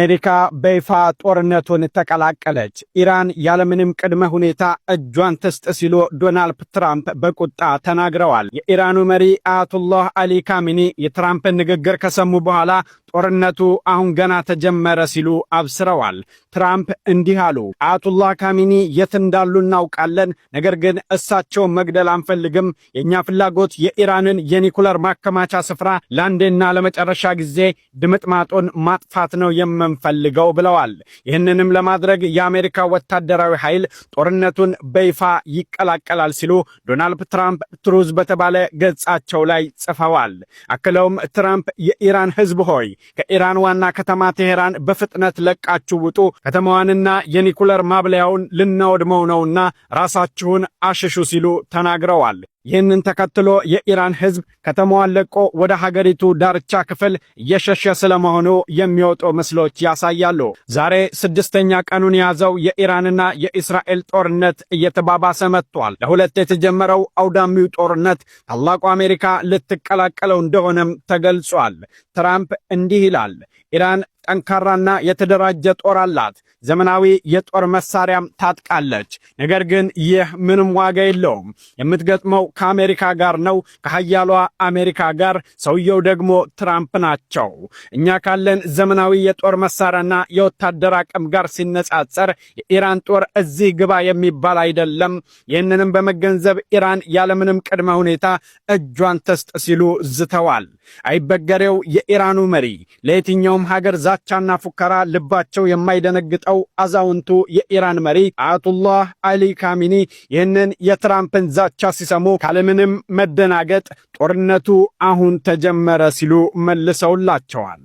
አሜሪካ በይፋ ጦርነቱን ተቀላቀለች። ኢራን ያለምንም ቅድመ ሁኔታ እጇን ትስጥ ሲሉ ዶናልድ ትራምፕ በቁጣ ተናግረዋል። የኢራኑ መሪ አያቱላህ አሊ ካሚኒ የትራምፕን ንግግር ከሰሙ በኋላ ጦርነቱ አሁን ገና ተጀመረ ሲሉ አብስረዋል። ትራምፕ እንዲህ አሉ። አያቱላህ ካሚኒ የት እንዳሉ እናውቃለን፣ ነገር ግን እሳቸውን መግደል አንፈልግም። የእኛ ፍላጎት የኢራንን የኒኩለር ማከማቻ ስፍራ ለአንዴና ለመጨረሻ ጊዜ ድምጥማጡን ማጥፋት ነው የም የምንፈልገው ብለዋል። ይህንንም ለማድረግ የአሜሪካ ወታደራዊ ኃይል ጦርነቱን በይፋ ይቀላቀላል ሲሉ ዶናልድ ትራምፕ ትሩዝ በተባለ ገጻቸው ላይ ጽፈዋል። አክለውም ትራምፕ የኢራን ህዝብ ሆይ ከኢራን ዋና ከተማ ቴሄራን በፍጥነት ለቃችሁ ውጡ፣ ከተማዋንና የኒኩለር ማብለያውን ልናወድመው ነውና ራሳችሁን አሽሹ ሲሉ ተናግረዋል። ይህንን ተከትሎ የኢራን ሕዝብ ከተማዋን ለቆ ወደ ሀገሪቱ ዳርቻ ክፍል እየሸሸ ስለመሆኑ የሚወጡ ምስሎች ያሳያሉ። ዛሬ ስድስተኛ ቀኑን የያዘው የኢራንና የእስራኤል ጦርነት እየተባባሰ መጥቷል። ለሁለት የተጀመረው አውዳሚው ጦርነት ታላቁ አሜሪካ ልትቀላቀለው እንደሆነም ተገልጿል። ትራምፕ እንዲህ ይላል፣ ኢራን ጠንካራና የተደራጀ ጦር አላት። ዘመናዊ የጦር መሳሪያም ታጥቃለች። ነገር ግን ይህ ምንም ዋጋ የለውም። የምትገጥመው ከአሜሪካ ጋር ነው፣ ከሀያሏ አሜሪካ ጋር። ሰውየው ደግሞ ትራምፕ ናቸው። እኛ ካለን ዘመናዊ የጦር መሳሪያና የወታደር አቅም ጋር ሲነጻጸር የኢራን ጦር እዚህ ግባ የሚባል አይደለም። ይህንንም በመገንዘብ ኢራን ያለምንም ቅድመ ሁኔታ እጇን ተስጥ ሲሉ ዝተዋል። አይበገሬው የኢራኑ መሪ ለየትኛውም ሀገር ዛቻና ፉከራ ልባቸው የማይደነግጠው አዛውንቱ የኢራን መሪ አያቱላህ አሊ ካሚኒ ይህንን የትራምፕን ዛቻ ሲሰሙ ካለምንም መደናገጥ ጦርነቱ አሁን ተጀመረ ሲሉ መልሰውላቸዋል።